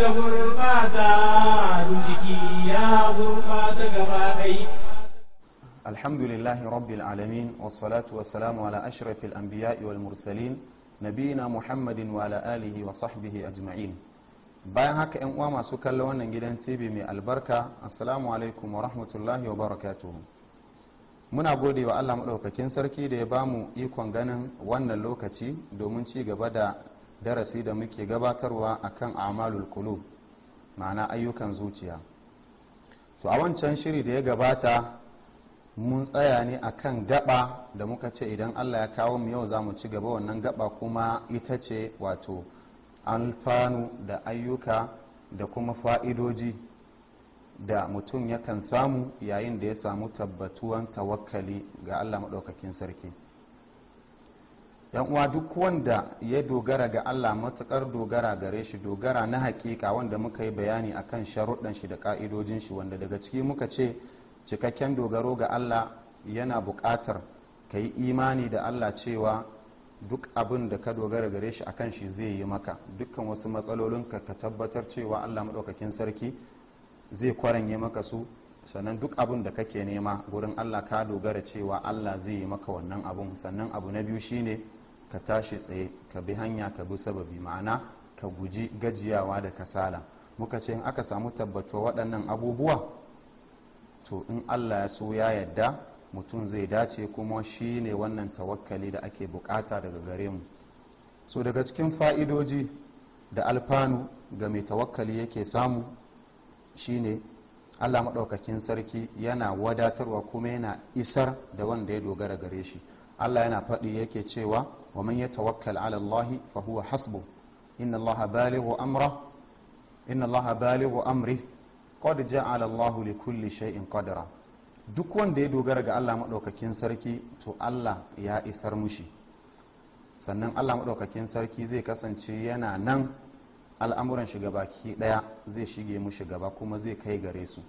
da gurbata jiki ya gurbata gaba ɗai alhamdulillahi rabbil alamin wassalatu salam ala ashrafil anbiya'i wal mursalin nabiyina muhammadin wa ala alihi wa sahbihi ajma'in bayan haka yan uwa masu kallon wannan gidan tv mai albarka assalamu alaikum wa rahmatullahi wa barakatuhu muna gode wa allah maɗaukakin sarki da ya bamu ikon ganin wannan lokaci domin ci gaba da darasi da muke gabatarwa akan amalul kulub ma'ana ayyukan zuciya to a wancan shiri da ya gabata mun tsaya ne akan gaba da muka ce idan allah ya kawo mu yau za mu ci gaba wannan gaba kuma ita ce wato alfanu da ayyuka da kuma fa'idoji da mutum yakan samu yayin da ya samu tabbatuwan tawakkali ga allah maɗaukakin sarki yan uwa duk wanda ya dogara ga allah matukar dogara gare shi dogara na hakika wanda muka yi bayani a kan sharuɗan shi da ka'idojin shi wanda daga ciki muka ce cikakken dogaro ga allah yana buƙatar ka yi imani da allah cewa duk abin da ka dogara gare shi kan shi zai yi maka dukkan wasu matsalolin ka tabbatar cewa allah maɗaukakin sarki zai kwaranye maka su sannan duk abin da kake nema gurin allah ka dogara cewa allah zai yi maka wannan abun sannan abu na biyu shine ka tashi tsaye ka bi hanya ka bi sababi ma'ana ka guji gajiyawa da kasala muka ce in aka samu tabbato waɗannan abubuwa to in allah ya so ya yadda mutum zai dace kuma shi ne wannan tawakkali da ake bukata daga gare mu so daga cikin fa'idoji da alfanu ga mai tawakkali yake samu shine allah maɗaukakin sarki yana wadatarwa kuma yana isar da wanda ya dogara gare shi allah yana faɗi yake cewa wa man ya ala Allah fa huwa hasbu inna Allah balighu amra inna Allah balighu amri qad ja'ala Allah li kulli shay'in qadra duk wanda ya dogara ga Allah maɗaukakin sarki to Allah ya isar mushi sannan Allah maɗaukakin sarki zai kasance yana nan al'amuran shiga baki ɗaya zai shige mushi gaba kuma zai kai gare su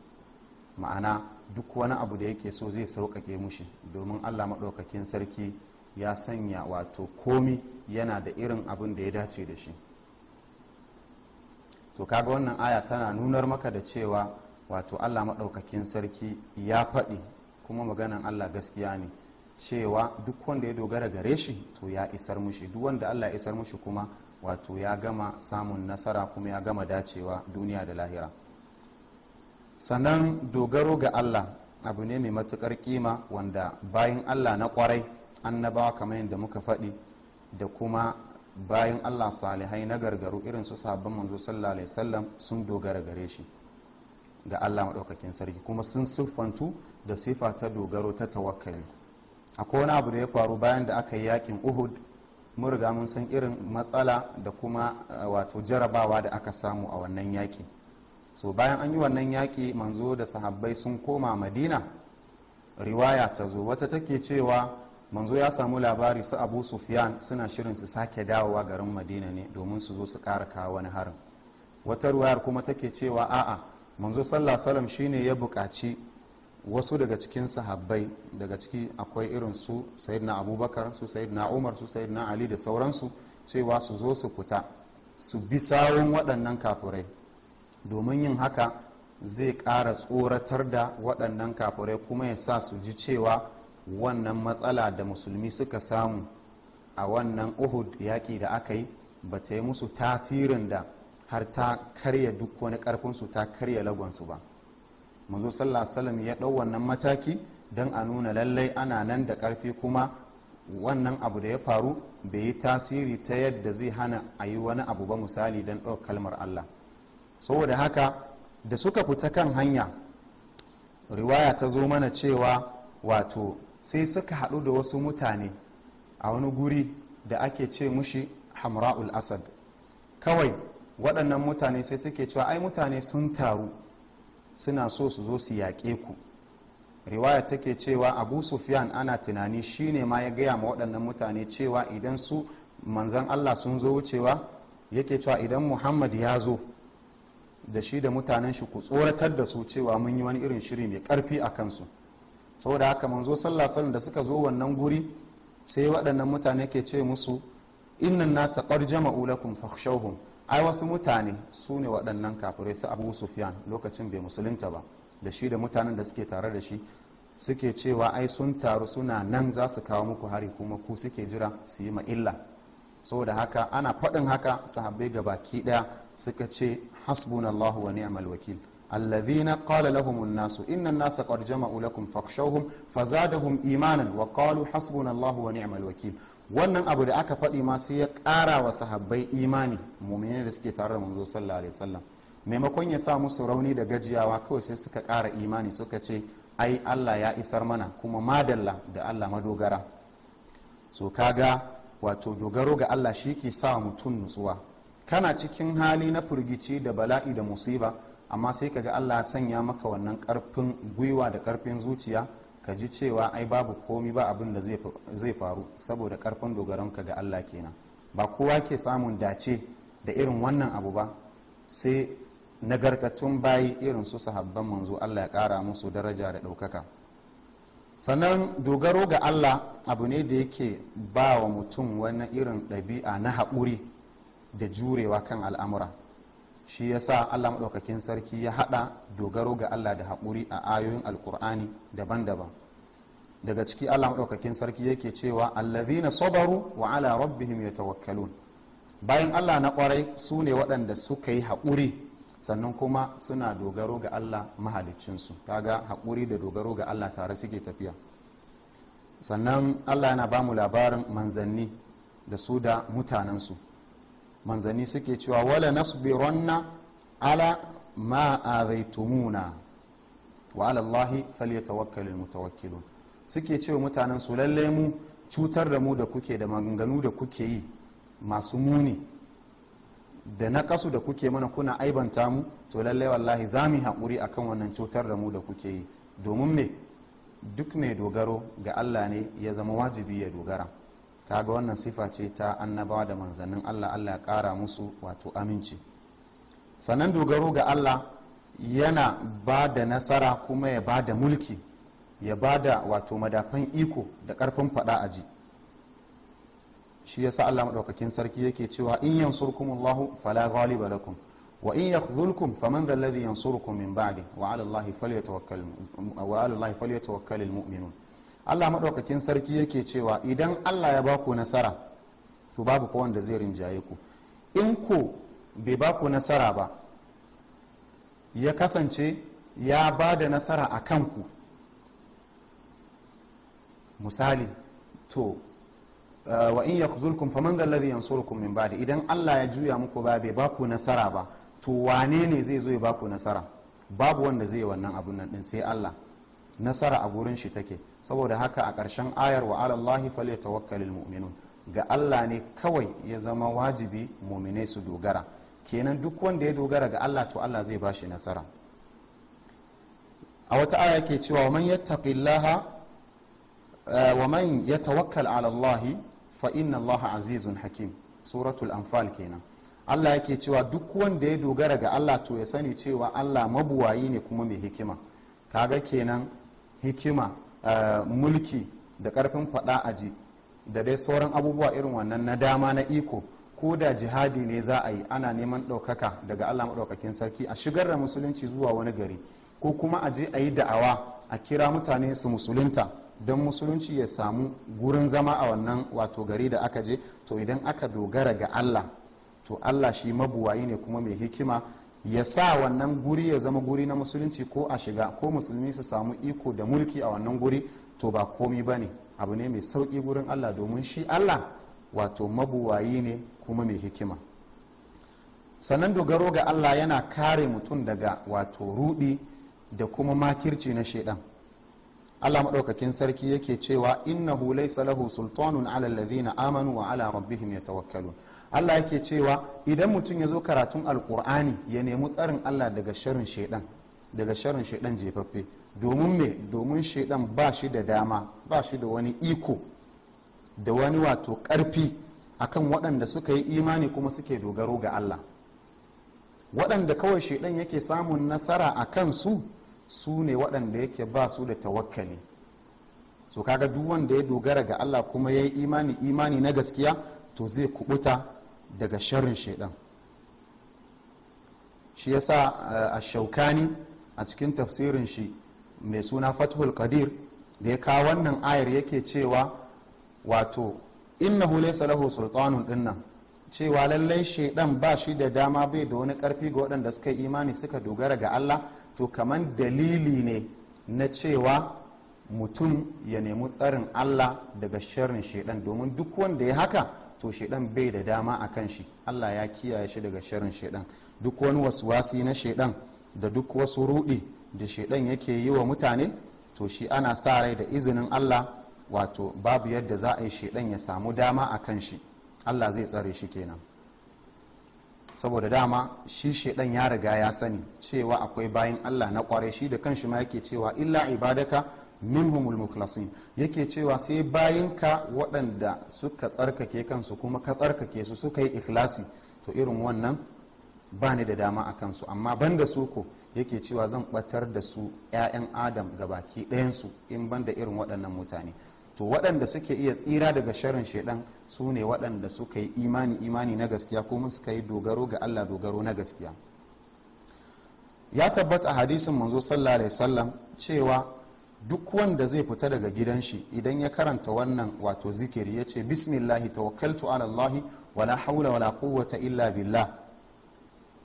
ma'ana duk wani abu da yake so zai sauƙaƙe mushi domin allah maɗaukakin sarki ya sanya wato komi yana da irin abin da ya dace da shi to kaga wannan aya tana nunar maka da cewa wato allah maɗaukakin sarki ya faɗi kuma maganan allah gaskiya ne cewa duk wanda ya dogara gare shi to ya isar mushi duk wanda allah ya isar mushi kuma wato ya gama samun nasara kuma ya gama dacewa duniya da lahira sannan dogaro ga allah abu ne mai matukar kima wanda bayan allah na kwarai annabawa kamar yadda muka faɗi da kuma bayan allah salihai na gargaru irin su sabon manzo sallallahu alaihi wasallam sun dogara gare shi ga allah maɗaukakin sarki kuma sun siffantu da sifa ta dogaro ta tawakkali akwai wani abu da ya faru bayan da aka yi yakin uhud mun riga mun san irin matsala da kuma eh, wato jarabawa da aka samu a wannan yaƙi so bayan an yi wannan yaƙi manzo da sahabbai sun koma madina riwaya ta zo wata take cewa manzo ya samu labari su abu sufyan suna shirin su sake dawowa garin madina ne domin su zo su kara kawo wani harin wata ruwayar kuma take cewa a'a manzo sallah salam shine ya buƙaci wasu daga cikin sahabbai daga ciki akwai irin su sayyidina abubakar su sayyidina umar su sayyidina ali da sauransu cewa su zo su fita su bi sawun waɗannan kafurai domin yin haka zai ƙara tsoratar da waɗannan kafurai kuma ya sa su ji cewa wannan matsala da musulmi suka samu a wannan uhud yaƙi da aka yi ba ta yi musu tasirin da har ta karya duk wani ƙarfinsu ta karya lagonsu ba manzo sallallahu ya ɗau wannan mataki don a nuna lallai ana nan da ƙarfi kuma wannan abu da ya faru bai yi tasiri ta yadda zai hana a yi wani abu ba misali don ɗaukar kalmar allah saboda haka da suka fita kan hanya riwaya ta zo mana cewa wato sai suka haɗu da wasu mutane a wani guri da ake ce mushi hamra'ul asad kawai waɗannan mutane sai suke cewa ai mutane sun taru suna so su zo su yaƙe ku riwaya take cewa abu sufyan ana tunani shine ma ya gaya ma waɗannan mutane cewa idan su manzan allah sun zo wucewa yake cewa idan muhammad ya zo da shi da mutanen shi ku tsoratar da su cewa mun yi wani irin shiri mai ƙarfi a kansu saboda haka manzo sallallahu da suka zo wannan guri sai waɗannan mutane ke ce musu innan nasa qad jama'u lakum ai wasu mutane su ne waɗannan kafirai su abu sufyan lokacin bai musulunta ba da shi da mutanen da suke tare da shi suke cewa ai sun taru suna nan za su kawo muku hari kuma ku suke jira su yi ma'illa saboda haka ana faɗin haka sahabbai baki ɗaya suka ce hasbunallahu wa ni'mal wakil الذين qala لهم الناس إن الناس قد جمعوا لكم jama'u lakum إيمانا fazadahum imanan الله ونعم الوكيل wa wakil wannan abu da aka faɗi ma sai ya ƙara wa sahabbai imani muminai da suke tare da manzo sallallahu alaihi wasallam maimakon ya sa musu rauni da gajiyawa kawai sai suka ƙara imani suka ce ai Allah ya isar mana kuma madalla da Allah madogara so kaga wato dogaro ga Allah shi ke sa mutum nutsuwa kana cikin hali na firgici da bala'i da musiba amma sai ka ga Allah sanya maka wannan karfin gwiwa da karfin zuciya ka ji cewa ai babu komi ba abin da zai faru saboda karfin dogaron ka ga Allah kenan ba kowa ke samun dace da irin wannan abu ba sai nagartattun bayi irin su sahabban manzo Allah ya kara musu daraja da ɗaukaka sannan dogaro ga Allah abu ne da yake ba wa mutum wani irin ɗabi'a na haƙuri da jurewa kan al'amura shi ya sa allah maɗaukakin sarki ya haɗa dogaro ga allah da haƙuri a ayoyin alkur'ani daban-daban daga ciki allah maɗaukakin sarki yake cewa na sabaru wa ala rabbihim ya yatawakkalun bayan allah na ƙwarai su ne waɗanda suka yi haƙuri sannan kuma suna dogaro ga allah mahaliccinsu kaga haƙuri da dogaro ga allah tare suke tafiya sannan allah yana ba mu labarin manzanni da su da mutanensu manzanni suke cewa wala nasbiranna ala ma azaitumuna wa ala allahi falyatawakkalul mutawakkilun suke cewa mutanen su lalle mu cutar da mu da kuke da maganganu da kuke yi masu muni da na kasu da kuke mana kuna aibanta mu to lalle wallahi za mu haƙuri a kan wannan cutar da mu da kuke yi domin me duk mai dogaro ga allah ne ya zama wajibi ya dogara kaga wannan sifa ce ta annabawa da manzannin allah allah ya kara musu wato aminci sannan dogaro ga allah yana ba da nasara kuma ya ba da mulki ya ba da wato madafan iko da karfin fada a ji shi yasa allah maɗaukakin sarki yake cewa in yansurkumullahu fala ghaliba lakum wa in yakhdhulkum faman dha alladhi min ba'di wa 'ala allahi falyatawakkalul mu'minun allah maɗaukakin sarki yake cewa idan allah ya baku nasara to babu ko wanda zai rinjaye ku in ku bai baku nasara ba ya kasance ya ba da nasara a kanku misali to eh, wa in yakhzulkum faman dhal ladhi yansurukum min ba'di idan Allah ya juya muku ba bai baku nasara ba to wane ne zai zo ya baku nasara babu wanda zai yi wannan abun nan din sai Allah nasara a gurin shi take saboda haka a ƙarshen ayar wa alallahi fale tawakkalil mu'minun ga allah ne kawai ya zama wajibi muminai su dogara kenan duk wanda ya dogara ga allah to allah zai bashi nasara a wata aya ke cewa man yattaqillaha eh, wa man ya ala allahi fa inna allaha azizun hakim suratul anfal kenan allah yake cewa duk wanda ya dogara ga allah to ya sani cewa allah mabuwayi ne kuma mai hikima kaga kenan hikima Eh, mulki da karfin faɗa a ji da dai sauran abubuwa irin wannan na dama na iko ko da jihadi ne za a yi ana neman ɗaukaka daga allah maɗaukakin sarki a shigar da musulunci zuwa wani gari ko kuma a je a yi da'awa a kira mutane su musulunta don musulunci ya samu gurin zama a wannan wato gari da aka je to idan aka dogara ga allah to allah shi mabuwayi ne kuma mai hikima ya sa wannan guri ya zama guri na musulunci ko a shiga ko musulmi su samu iko da mulki a wannan guri to ba komi ba ne abu ne mai sauƙi gurin allah domin shi allah wato mabuwayi ne kuma mai hikima sannan dogaro ga allah yana kare mutum daga wato rudi da kuma makirci na shaidan allah maɗaukakin sarki yake cewa innahu laysa lahu sultanun ala alladhina amanu wa ala rabbihim yatawakkalun allah yake cewa idan mutum ya zo karatun alkur'ani ya nemi tsarin allah daga sharin shaidan daga sharin shaidan jefaffe domin me domin shaidan ba shi da dama ba shi da wani iko da wani wato karfi akan waɗanda suka yi imani kuma suke dogaro ga allah waɗanda kawai shaidan yake samun nasara a kansu su ne waɗanda yake ba su da tawakkali so kaga duk wanda ya dogara ga allah kuma ya yi imani imani na gaskiya to zai kubuta daga sharrin shaidan shi ya sa eh, a shaukani a cikin tafsirin shi mai suna fathul qadir da ya kawo wannan ayar yake cewa wato inna laysa lahu sultanun dinnan cewa lallai shaidan ba shi da dama bai da wani karfi ga waɗanda suka yi imani suka dogara ga Allah to kamar dalili ne na cewa mutum ya nemi tsarin Allah daga sharrin shaidan domin duk wanda ya haka to shaidan bai da dama a kan shi allah ya kiyaye shi daga shirin shaidan duk wani wasu wasi na shaidan da duk wasu rudi da shaidan yake yi wa mutane to shi ana sa rai da izinin allah wato babu yadda za a yi shaidan ya samu dama a kan shi allah zai tsare shi kenan saboda dama shi shaidan ya riga ya sani cewa akwai bayan allah na kware shi da kanshi ma yake cewa illa ibadaka minhumul mukhlasin yake cewa sai bayan ka waɗanda suka tsarkake kansu kuma ka tsarkake su suka yi ikhlasi to irin wannan ba ni da dama a kansu amma ban da su ko yake cewa zan ɓatar da su 'ya'yan adam ga baki ɗayansu in ban da irin waɗannan mutane to waɗanda suke iya tsira daga sharin shaidan su ne waɗanda suka yi imani imani na gaskiya kuma suka yi dogaro ga allah dogaro na gaskiya ya tabbata hadisin manzo sallallahu alaihi wasallam cewa duk wanda zai fita daga gidan shi idan ya karanta wannan wato zikiri ya ce bismillahi tawakkaltu ala allahi wala haula wala quwwata illa billah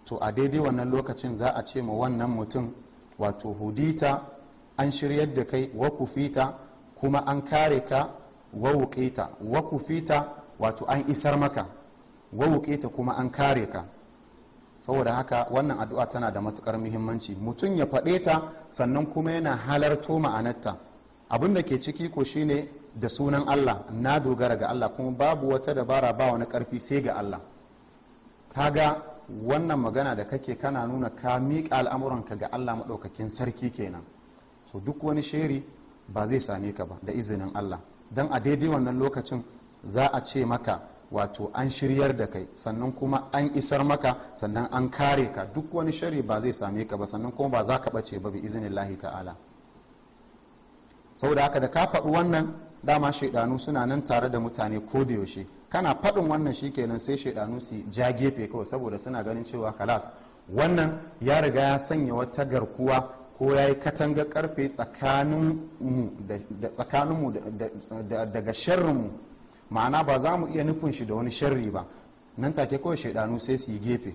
to a daidai wannan lokacin za a ce ma wannan mutum wato hudita an shiryar da kai wa kufita kuma an kare ka wa wuƙita wa kufita wato an isar maka wa wuƙita kuma an kare ka saboda haka wannan addu'a tana da matukar muhimmanci mutum ya faɗe ta sannan kuma yana halarto ma'anarta abin da ke ciki ko shine da sunan allah na dogara ga allah kuma babu wata dabara ba wani karfi sai ga allah kaga wannan magana da kake kana nuna ka miƙa al'amuranka ga allah maɗaukakin sarki kenan so duk wani shiri ba zai same ka ba da izinin allah don a daidai wannan lokacin za a ce maka wato an shiryar da kai sannan kuma an isar maka sannan an kare ka duk wani shari ba zai same ka ba sannan kuma ba za ka bace ba bi izinin lahi ta'ala saboda haka da ka faɗi wannan dama shaidanu suna nan tare da mutane ko da yaushe kana faɗin wannan shikenan sai shaidanu su ja gefe kawai saboda suna ganin cewa kalas wannan ya riga ya sanya wata garkuwa ko ya yi katanga karfe tsakaninmu daga sharrinmu ma'ana ba za mu iya nufin shi da wani sharri ba nan take kawai shaidanu sai su yi gefe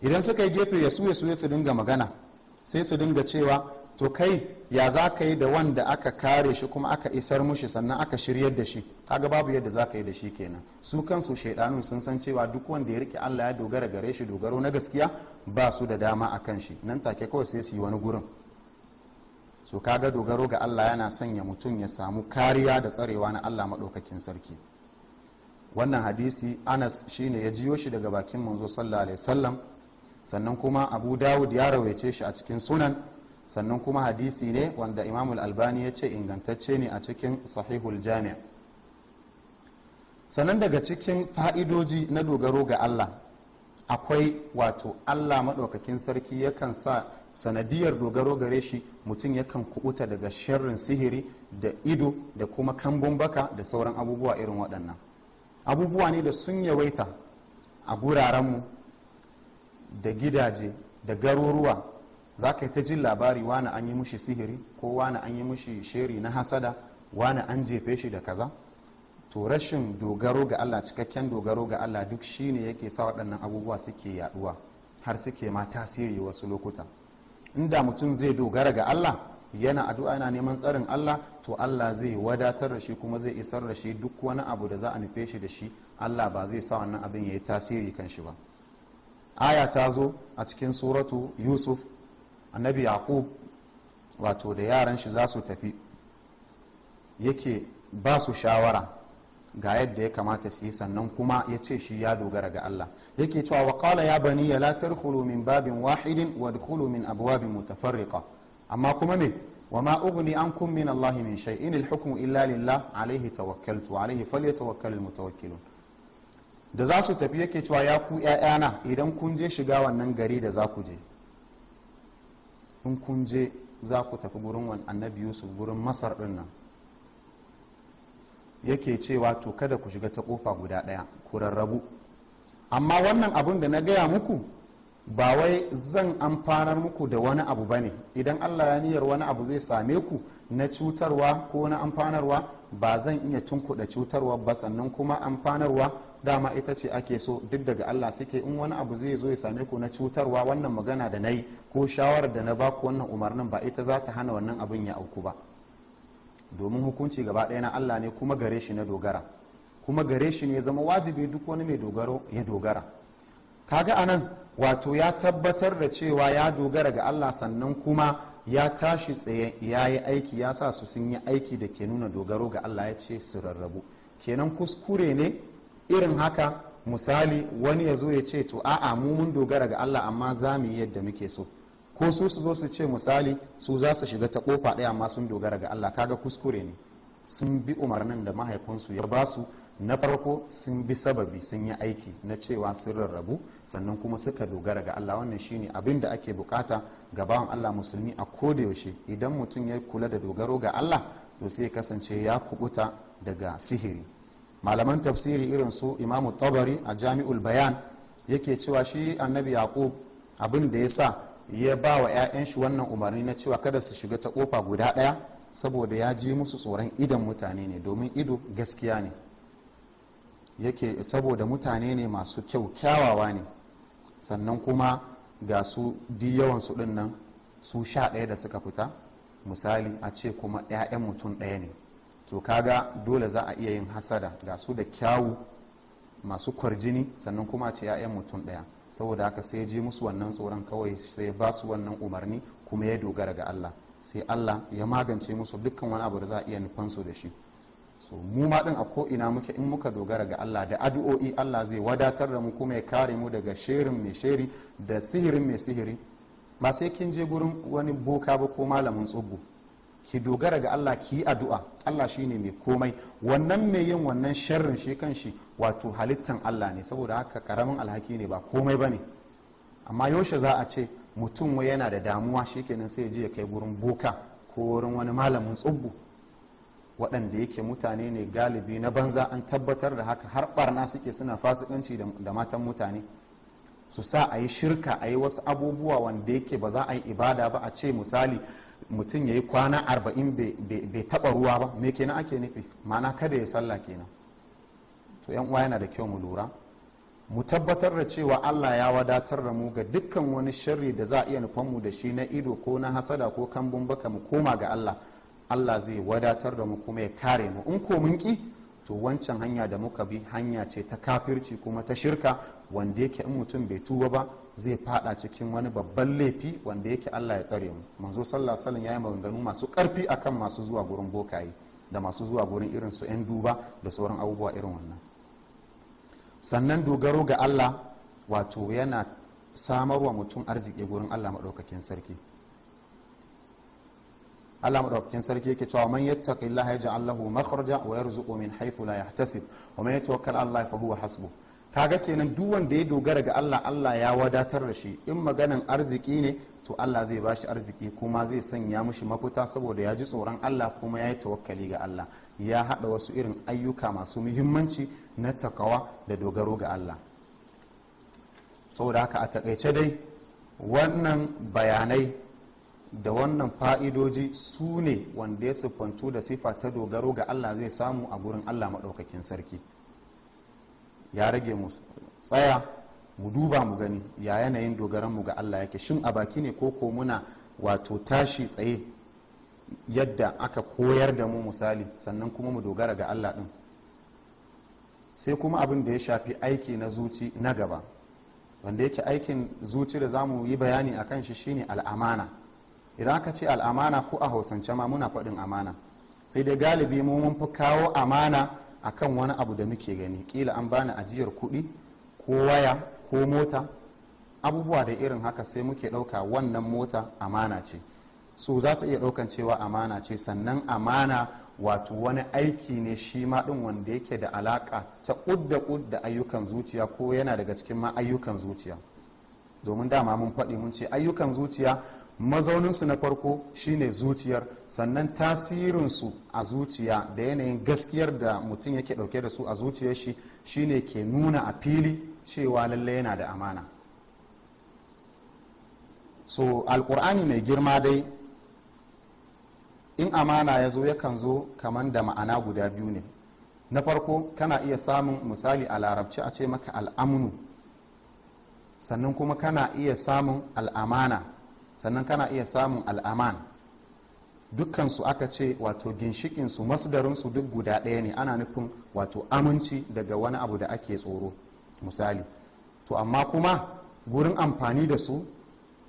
idan suka yi gefe ya suya suya su dinga magana sai su dinga cewa to kai ya za ka yi da wanda aka kare shi kuma aka isar mushi sannan aka shiryar da shi kaga babu yadda za ka yi da shi kenan su kansu shaidanun sun san cewa duk wanda ya rike allah ya dogara gare shi dogaro na gaskiya ba su da dama a kan shi nan take kawai sai su yi wani gurin so ga dogaro ga allah yana sanya mutum ya samu kariya da tsarewa na allah maɗaukakin sarki wannan hadisi anas shine ya jiyo shi daga bakin manzo sallallahu alaihi wasallam sannan kuma abu dawud ya rawaice shi a cikin sunan sannan kuma hadisi ne wanda imamul albani ya ce ingantacce ne a cikin sahihul jami'a sannan daga cikin fa'idoji na dogaro ga allah akwai wato allah maɗaukakin sarki yakan sa sanadiyar dogaro gare shi mutum yakan kubuta daga sharrin sihiri da ido da kuma kambun baka da sauran abubuwa irin waɗannan abubuwa ne da sun yawaita a gurarenmu da gidaje da garuruwa za ka yi ta jin labari wani an yi mushi sihiri ko wani an yi mushi sheri na hasada wani an jefe shi da kaza to rashin dogaro ga allah cikakken dogaro ga allah duk shine yake sa waɗannan abubuwa suke yaɗuwa har suke ma tasiri wasu lokuta. inda mutum zai dogara ga Allah yana addu'a yana neman tsarin Allah to Allah zai wadatar da shi kuma zai isar da shi duk wani abu da za a nufe shi da shi Allah ba zai sa wannan abin ya yi tasiri kan shi ba aya ta zo a cikin suratu yusuf annabi yaqub wato da yaran shi za su tafi yake ba su shawara ga yadda ya kamata su yi sannan kuma ya ce shi ya dogara ga Allah yake cewa wa qala ya bani ya la tadkhulu min babin wahidin wa dkhulu min abwabin mutafarriqa amma kuma me wa ma ughni ankum min Allah min shay in al hukmu illa lillah alayhi tawakkaltu alayhi falyatawakkalul mutawakkilun da za su tafi yake cewa ya ku ƴaƴana idan kun je shiga wannan gari da za ku je in kun je za ku tafi gurin annabi Yusuf gurin Masar din nan yake cewa to kada ku shiga ta kofa guda ɗaya ku rarrabu amma wannan abun da na gaya muku ba wai zan amfanar muku da wani abu bane idan allah ya niyyar wani abu zai same ku na cutarwa ko na amfanarwa ba zan iya tunkuɗa cutarwa ba sannan kuma amfanarwa dama ita ce ake so duk daga allah suke in wani abu zai zo ya same ku na cutarwa wannan magana da na yi ko shawarar da na ba ku wannan umarnin ba ita za ta hana wannan abun ya auku ba domin hukunci gaba ɗaya na Allah ne kuma gare shi na dogara kuma gare shi ne zama wajibi duk wani mai dogaro ya dogara kaga anan wato ya tabbatar da cewa ya dogara ga Allah sannan kuma ya tashi tsaye ya yi aiki ya sa su sun yi aiki da ke nuna dogaro ga Allah ya ce su rarrabu kenan kuskure ne irin haka misali wani ya zo ya ce to a'a mu mun dogara ga Allah amma za mu yi yadda muke so ko su su zo su ce misali su za su shiga ta kofa ɗaya amma sun dogara ga Allah kaga kuskure ne sun bi umarnin da mahaifinsu ya ba su na farko sun bi sababi sun yi aiki na cewa sun rarrabu sannan kuma suka dogara ga Allah wannan shine abin da ake bukata ga bawan Allah musulmi a yaushe idan mutum ya kula da dogaro ga Allah to sai ya kasance ya kubuta daga sihiri malaman tafsiri irin su imamu tabari a jami'ul bayan yake cewa shi annabi yaqub abin da ya sa ya ba wa 'ya'yan shi wannan umarni na cewa kada su shiga ta kofa guda ɗaya saboda ya ji musu tsoron idon mutane ne domin ido gaskiya ne yake saboda mutane ne masu kyau kyawawa ne sannan kuma ga su di yawan su din nan su sha ɗaya da suka fita misali a ce kuma 'ya'yan mutum ɗaya ne to kaga dole za a iya yin hasada ga su da kyawu masu kwarjini sannan kuma a ce 'ya'yan mutum ɗaya saboda haka sai je musu wannan tsoron kawai sai ba su wannan umarni kuma ya dogara ga Allah sai Allah ya magance musu dukkan wani abu da za a iya su da shi so mu ma din a ko'ina muke in muka dogara ga Allah da addu'o'i Allah zai wadatar da mu kuma ya kare mu daga shirin mai shiri da sihirin mai sihiri ba sai kin je gurin wani boka ba ko malamin tsubbu ki dogara ga Allah ki yi addu'a Allah shine mai komai wannan mai yin wannan sharrin shi kanshi wato halittan Allah ne saboda haka karamin alhaki ne ba komai bane amma yaushe za a ce mutum wai yana da damuwa shikenan sai je ya kai gurin boka ko wurin wani malamin tsubbu waɗanda yake mutane ne galibi na banza an tabbatar da haka har barna suke suna fasikanci da matan mutane su sa a yi shirka a yi wasu abubuwa wanda yake ba za a yi ibada ba a ce misali mutum ya yi kwana arba'in bai taɓa ruwa ba me kenan ake nufi ma'ana kada ya sallah kenan to yan uwa yana da kyau mu lura mu tabbatar da cewa allah ya wadatar da mu ga dukkan wani sharri da za a iya nufan mu da shi na ido ko na hasada ko kambun baka mu koma ga allah allah zai wadatar da mu kuma ya kare mu in ko mun ki to wancan hanya da muka bi hanya ce ta kafirci kuma ta shirka wanda yake in mutum bai tuba ba zai fada cikin wani babban laifi wanda yake allah ya tsare mu manzo sallah salin ya yi maganganu masu karfi akan masu zuwa gurin bokaye da masu zuwa gurin irin su 'yan duba da sauran abubuwa irin wannan sannan dogaro ga allah wato yana samarwa mutum arziki gurin allah maɗaukakin sarki Allah maɗaukakin sarki yake cewa man yattaqillaha yaj'al allahu makhraja wa yarzuqu min haythu la yahtasib wa man yatawakkal wakar Allah fa huwa hasbu ga kenan duk wanda ya dogara ga Allah Allah ya wadatar da shi in maganan arziki ne to Allah zai bashi arziki kuma zai sanya mishi mafita saboda ya ji tsoron Allah kuma ya yi tawakkali ga Allah ya haɗa wasu irin ayyuka masu muhimmanci na takawa da dogaro ga Allah saboda haka a takaice dai wannan bayanai da wannan fa'idoji su ne wanda ya siffantu da sifa ta dogaro ga Allah zai samu a gurin Allah maɗaukakin sarki. ya rage mu tsaya mu duba mu gani ya yanayin dogaran mu ga allah yake shin a baki ne ko ko muna wato tashi tsaye yadda aka koyar da mu misali sannan kuma mu dogara ga allah din sai kuma abin da ya shafi aiki na zuci na gaba wanda yake aikin zuci da zamu yi bayani akan shi shine al'amana idan aka ce al'amana ko a hausance ma muna faɗin amana sai dai galibi mu mun fi kawo amana akan wani abu da muke gani kila an bani ajiyar kuɗi ko waya ko mota abubuwa da irin haka sai muke ɗauka wannan mota amana ce so za ta iya ɗaukan cewa amana ce sannan amana wato wani aiki ne shi ma ɗin wanda yake da alaƙa ta ƙudda ƙudda ayyukan zuciya ko yana daga cikin ma ayyukan zuciya domin dama mun faɗi mun ce ayyukan zuciya mazauninsu na farko shine zuciyar sannan tasirinsu a zuciya da yanayin gaskiyar da mutum yake dauke da su a zuciyar shi shine ke nuna a fili cewa lalle yana da amana so alkur'ani mai girma dai in amana ya zo yakan zo kaman da ma'ana guda biyu ne na farko kana iya samun misali a larabci a ce maka al'amnu sannan kuma kana iya samun al'amana sannan kana iya samun al'aman dukansu aka ce wato ginshikinsu masdarinsu duk guda ɗaya ne ana nufin wato aminci daga wani abu da ake tsoro misali to amma kuma gurin amfani da su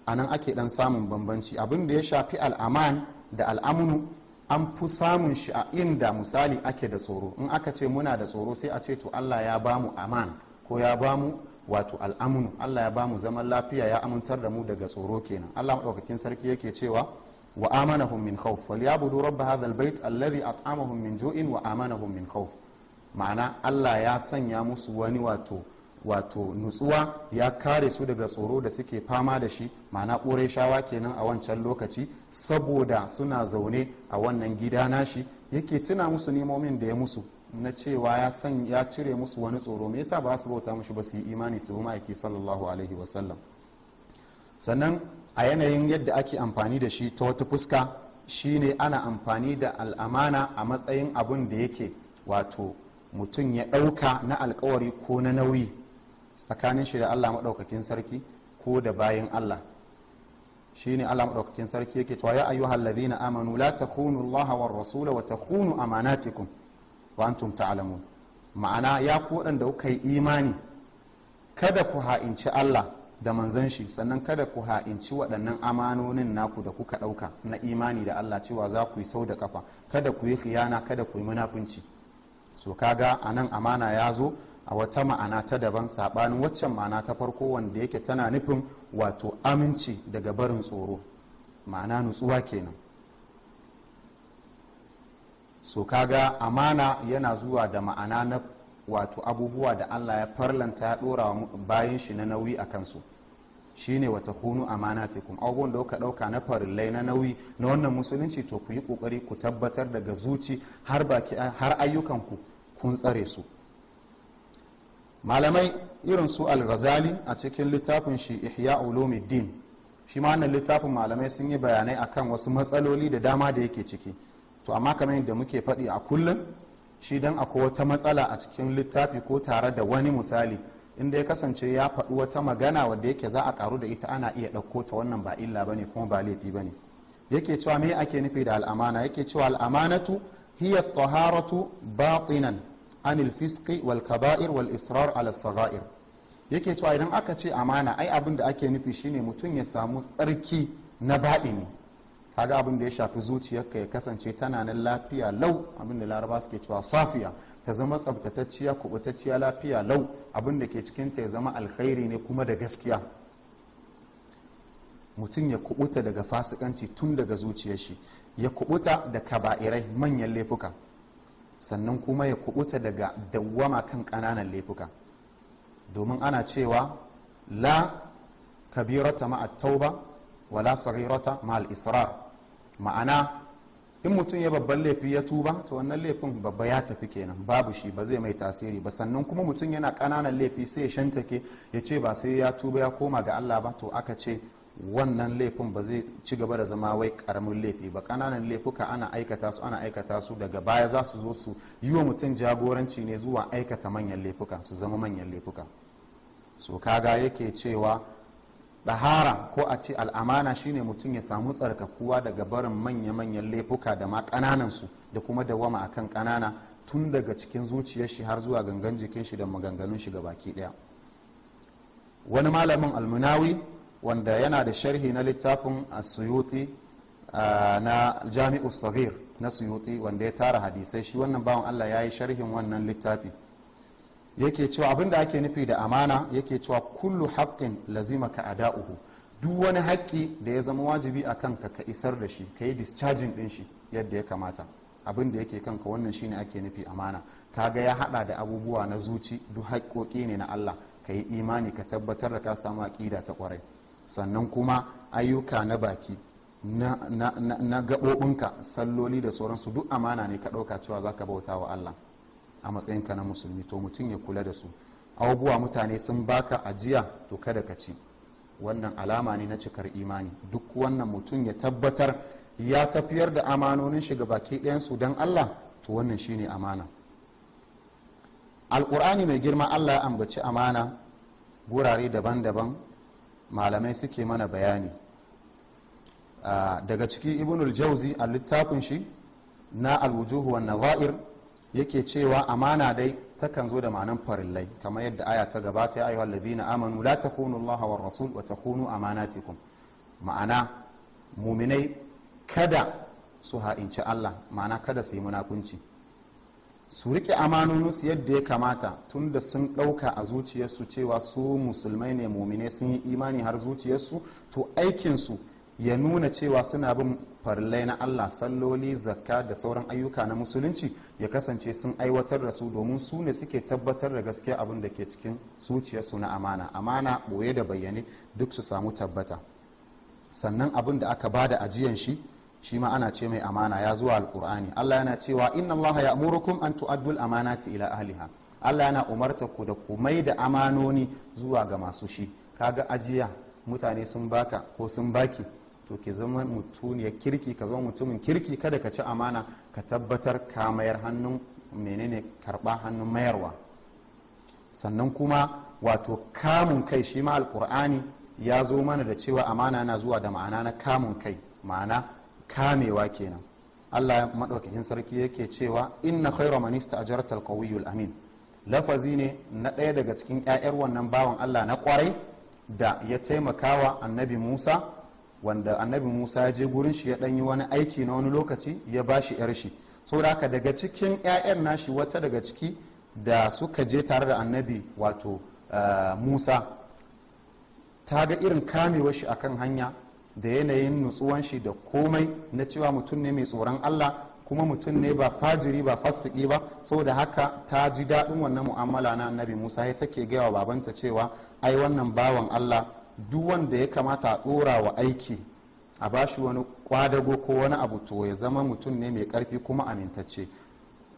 a nan ake dan samun bambanci abin da ya shafi al'aman da al'amunu an fi samun shi a inda misali ake da tsoro in aka ce muna da tsoro sai a ce to allah ya bamu aman ko ya bamu wato al'amunu allah ya bamu zaman lafiya ya amintar da mu daga tsoro kenan allah maɗaukakin sarki yake cewa wa amanahum min khawf falyabudu rabb hadha albayt alladhi at'amahum min ju'in wa amanahum min khawf ma'ana allah ya sanya musu wani wato wato nutsuwa ya kare su daga tsoro da suke fama da shi ma'ana ƙure shawa kenan a wancan lokaci saboda suna zaune a wannan gida nashi yake tuna musu nemomin da ya musu na cewa ya san ya cire musu wani tsoro me yasa ba su bauta mushi ba su yi imani su bi ma'aiki sallallahu alaihi wasallam sannan a yanayin yadda ake amfani da shi ta wata fuska shine ana amfani da al'amana a matsayin abun da yake wato mutum ya ɗauka na alkawari ko na nauyi tsakanin shi da allah maɗaukakin sarki ko da bayan allah shine allah maɗaukakin sarki yake cewa ya ayyuhal ladina amanu la takhunu allaha war rasula wa takhunu amanatikum wantum ta ta'lamun ma'ana ya ku waɗanda kuka yi imani kada ku ha'inci Allah da manzon shi sannan kada ku ha'inci waɗannan amanonin naku da kuka ɗauka na imani da Allah cewa za ku yi sau da kafa kada ku yi khiyana kada ku yi munafunci so kaga anan amana ya zo a wata ma'ana ta daban saɓanin waccan ma'ana ta farko wanda yake tana nufin wato aminci daga barin tsoro ma'ana nutsuwa kenan so kaga amana yana zuwa da ma'ana na wato abubuwa da allah ya farlanta ya dora bayan shi na nauyi a kansu shine wata hunu amana kuma abubuwan da kuka dauka na farillai na nauyi na wannan musulunci to ku yi kokari ku tabbatar daga zuci har baki har ayyukanku kun tsare su malamai irin su al-ghazali a cikin littafin shi ihya ulumuddin shi ma wannan littafin malamai sun yi bayanai akan wasu matsaloli da dama da yake ciki to amma kamar yadda muke faɗi a kullum shi dan akwai wata matsala a cikin littafi ko tare da wani misali inda ya kasance ya faɗi wata magana wadda yake za a karu da ita ana iya ɗauko ta wannan ba illa ba ne kuma ba laifi ba ne yake cewa me ake nufi da al'amana yake cewa al'amanatu hiya taharatu batinan anil fiski wal kaba'ir wal israr ala sagair yake cewa idan aka ce amana ai abin da ake nufi shine mutum ya samu tsarki na baɗi ne kaga abin da ya shafi zuciyarka ya kasance tana nan lafiya lau abin da laraba suke cewa safiya ta zama tsabtatacciya kubutacciya lafiya lau abin da ke cikinta ya zama alkhairi ne kuma da gaskiya mutum ya kubuta daga fasikanci tun daga zuciyar shi ya kubuta da kaba'irai manyan laifuka sannan kuma ya kubuta daga dawwama kan ƙananan laifuka domin ana cewa la kabirata ma'a tauba wala sarirata ma'al israr ma'ana in mutum ya babban laifi ya tuba to wannan laifin babba ya tafi kenan babu shi ba zai mai tasiri ba sannan kuma mutum yana ƙananan laifi sai ya shantake ya ce ba sai ya tuba ya koma ga allah ba to aka ce wannan laifin ba zai ci gaba da zama wai karamin laifi ba kananan laifuka ana aikata su ana aikata su daga baya za su zo su yi wa mutum jagoranci ne zuwa aikata manyan laifuka su zama manyan laifuka so kaga yake cewa dahara ko a ce al'amana shine mutum ya samu tsarkakuwa daga barin manya-manyan laifuka da ma kananansu da kuma dawama akan kanana tun daga cikin zuciyar shi har zuwa gangan jikin shi da maganganun shi baki daya. wani malamin almunawi wanda yana da sharhi na littafin asuyuti na jami'us sahir na suyuti wanda ya tara hadisai shi wannan bawan allah ya yi sharhin wannan littafi yake cewa abin da ake nufi da amana yake cewa kullu haƙƙin lazima ka ada'uhu duk wani haƙƙi da ya zama wajibi a kanka ka isar da shi ka yi discharging ɗin shi yadda ya kamata abin da yake kanka wannan shine ake nufi amana kaga ya haɗa da abubuwa na zuci duk haƙƙoƙi ne na Allah ka yi imani ka tabbatar da ka samu aƙida ta ƙwarai sannan kuma ayyuka na baki na, na, na, na gaɓoɓinka salloli da sauransu duk amana ne ka ɗauka cewa za ka bauta wa Allah a matsayinka na musulmi to mutum ya kula da su abubuwa mutane sun baka ajiya to kada ka ci wannan alama ne na cikar imani duk wannan mutum ya tabbatar ya tafiyar da amanonin shiga baki ɗayansu don allah to wannan shine amana alkur'ani mai girma allah ya ambaci amana gurare daban-daban malamai suke mana bayani ah, daga ciki ibnul jauzi a littafin shi na alwujuhu wa nazair yake cewa amana dai takan zo da ma'anan farillai kamar yadda aya ta gabata ya ayyuhal ladina amanu la takhunu Allah wa rasul wa takhunu amanatikum ma'ana muminai kada su ha'inci Allah ma'ana kada su yi munafunci su rike su yadda ya kamata tun da sun ɗauka a zuciyarsu cewa su musulmai ne muminai sun yi imani har zuciyarsu to aikinsu su ya nuna cewa suna bin farlai na allah salloli zakka da sauran ayyuka na musulunci ya kasance sun aiwatar da su domin su ne suke tabbatar da gaskiya abin da ke cikin zuciyarsu na amana amana boye da bayyane duk su samu tabbata sannan abin da aka bada ajiyan shi shi ma ana ce mai amana ya zuwa alkur'ani allah yana cewa inna allaha ya'murukum an tu'addul amanati ila ahliha allah yana umarta ku da ku mai da amanoni zuwa ga masu shi kaga ajiya mutane sun baka ko sun baki to ki zama mutuniyar kirki ka zama mutumin kirki kada ka ci amana ka tabbatar ka mayar hannun menene karba hannun mayarwa sannan kuma wato kamun kai shi ma alkur'ani ya zo mana da cewa amana na zuwa da ma'ana na kamun kai ma'ana kamewa kenan allah maɗaukakin sarki yake cewa inna khaira manista ajartal qawiyul amin lafazi ne na ɗaya daga cikin 'ya'yar wannan bawan allah na kwarai da ya taimakawa annabi musa wanda annabi musa ya je gurin shi ya yi wani aiki na wani lokaci ya ba shi yar shi saboda haka daga cikin 'ya'yan nashi wata daga ciki da suka je tare da annabi wato eh, musa ta ga irin kamewa shi akan hanya da yanayin nutsuwan shi da komai na cewa mutum ne mai tsoron allah kuma mutum ne ba fajiri ba fasiki ba saboda haka ta ji daɗin wannan mu'amala na annabi musa ya take gaya wa babanta cewa ai wannan bawan allah duk wanda ya kamata a ɗora wa aiki a bashi wani kwadago ko wani abu to ya zama mutum ne mai karfi kuma amintacce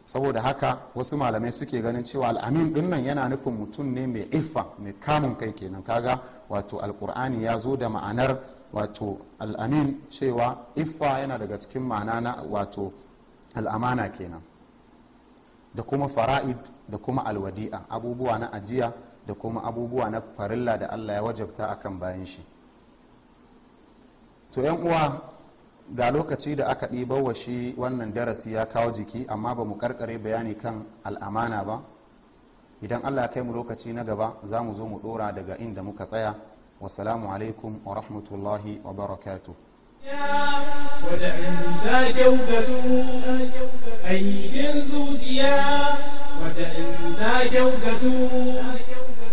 saboda haka wasu malamai suke ganin cewa al'amin din nan yana nufin mutum ne mai iffa mai kamun kai kenan kaga wato alkur'ani ya zo da ma'anar wato al'amin cewa iffa yana daga cikin ma'ana na wato al'amana kenan da kuma fara'id da kuma alwadi'a abubuwa na ajiya da kuma abubuwa na farilla da allah ya wajabta akan bayan shi to yan uwa ga lokaci da aka wa shi wannan darasi ya kawo jiki amma ba mu karkare bayani kan al'amana ba idan allah ya kai mu lokaci na gaba za mu zo mu ɗora daga inda muka tsaya wasalamu alaikum wa rahmatullahi wa barakatuh aikin zuciya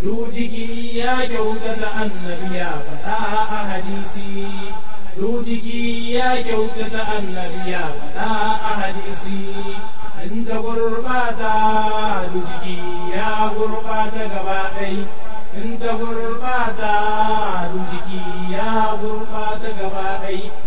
Dujiki ya kyautata annabi ya faɗa a hadisi. Dujiki ya kyautata annabi ya faɗa a hadisi. In ta gurɓata dujiki ya gurɓata gaba ɗai. In ta gurɓata dujiki ya gurɓata gaba ɗai.